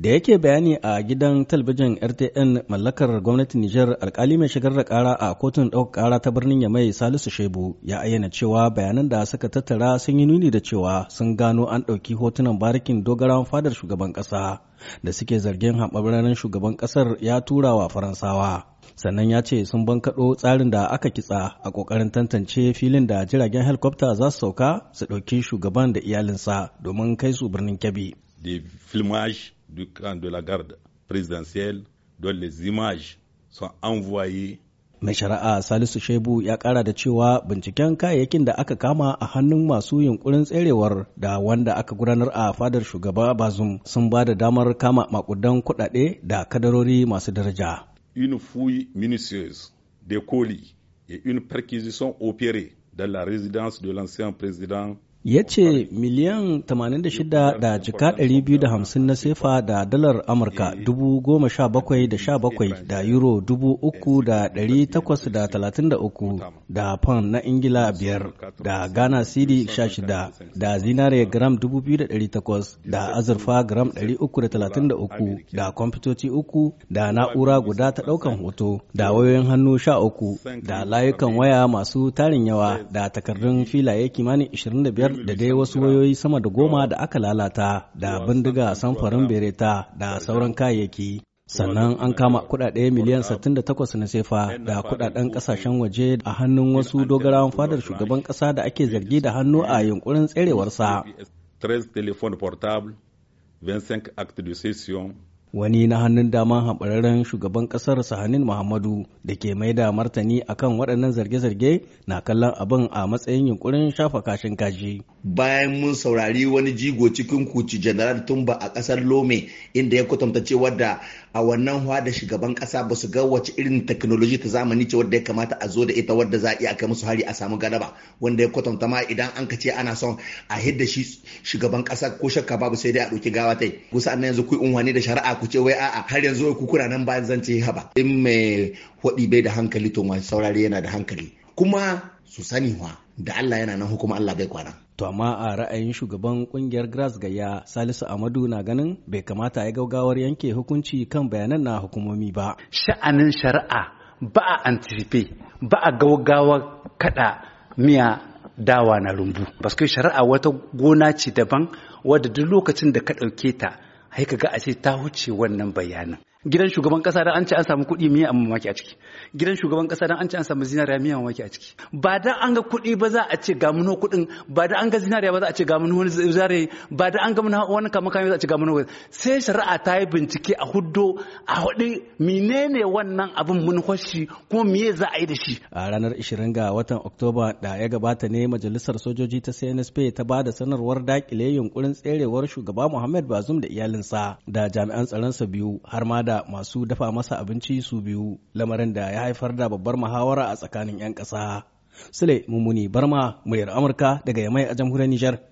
Da yake bayani a gidan talabijin RTN mallakar gwamnatin Nijar alkali mai shigar da kara a kotun ɗaukar kara ta birnin ya mai, Salisu Shebu ya ayyana cewa bayanan da suka tattara sun yi nuni da cewa sun gano an ɗauki hotunan barikin dogarawan fadar shugaban ƙasa da suke zargin haɓararren shugaban ƙasar ya tura wa Faransawa. sannan ya ce sun bankaɗo tsarin da aka kitsa a ƙoƙarin tantance filin da jiragen helikwafta za su sauka su ɗauki shugaban da iyalinsa domin kai su birnin kebbi. The du camp de la garde présidentielle dont les images sont envoyées mai shari'a salisu shebu ya kara da cewa binciken kayayyakin da aka kama a hannun masu yunkurin tserewar da wanda aka gudanar a fadar shugaba bazum sun ba da damar kama makudan kudade da kadarori masu daraja une fouille minutieuse des colis et une perquisition opérée dans la résidence de l'ancien président ya ce miliyan 86 da jika 250 na sefa da dalar amurka 17,017 da euro 3,833 da pound na ingila 5 da ghana cedi 16 da zinare gram 2,800 da azurfa gram 333 da kwamfutoci 3 da na'ura guda ta daukan hoto da wayoyin hannu 13 da layukan waya masu tarin yawa da takardun filaye kimanin 25 da dai wasu wayoyi sama da goma da aka lalata da bindiga samfarin bereta da sauran kayayyaki. sannan an kama kuɗaɗe miliyan 68 na sefa da kuɗaɗen ƙasashen waje a hannun wasu dogarawan fadar shugaban ƙasa da ake zargi da hannu a yunkurin tserewarsa. 13 25 de wani na hannun dama haɓararren shugaban ƙasar sahanin muhammadu da ke mai da martani a kan waɗannan zarge-zarge na kallon abin a matsayin yunkurin shafa kashin kaji bayan mun saurari wani jigo cikin kuci general tumba a ƙasar lome inda ya kwatanta cewa da a wannan hwa da shugaban ƙasa ba su ga wace irin teknoloji ta zamani ce wadda ya kamata a zo da ita wadda za a iya kai musu hari a samu galaba wanda ya kwatanta ma idan an ka ce ana son a hidda shi shugaban ƙasa ko shakka babu sai dai a ɗauki gawa tai kusa annan yanzu ku unhwani da shari'a ku ce wai a'a har yanzu ku kuna nan bayan ce haba in mai hodi bai da hankali to ma saurare yana da hankali kuma su sani wa da Allah yana nan hukuma Allah bai kwana to amma a ra'ayin shugaban kungiyar grass gayya salisu amadu na ganin bai kamata ya gaugawar yanke hukunci kan bayanan na hukumomi ba sha'anin shari'a ba a anticipe ba a gaugawa kada miya dawa na rumbu. Baskai shari'a wata gona ce daban wadda duk lokacin da ka ɗauke ta haika ga a ta huce wannan bayanin gidan shugaban kasa dan an ce an samu kuɗi miya a maki a ciki gidan shugaban kasa dan an ce an samu zinariya miya maki a ciki ba dan an ga kuɗi ba za a ce ga muno kuɗin ba dan an ga zinariya ba za a ce ga muno wani zinariya ba dan an ga muno wani kama kama za a ce ga muno sai shari'a ta yi bincike a huddo a hudu menene wannan abin mun hoshi ko miye za a yi da shi a ranar 20 ga watan Oktoba da ya gabata ne majalisar sojoji ta CNSP ta ba da sanarwar dakile yunkurin tserewar shugaba Muhammad Bazum da iyalinsa da jami'an tsaron sa biyu har ma da da masu dafa masa abinci su biyu lamarin da ya haifar da babbar muhawara a tsakanin 'yan ƙasa. Sule Mummuni Barma, muryar Amurka daga Yamai a jamhuriyar Nijar.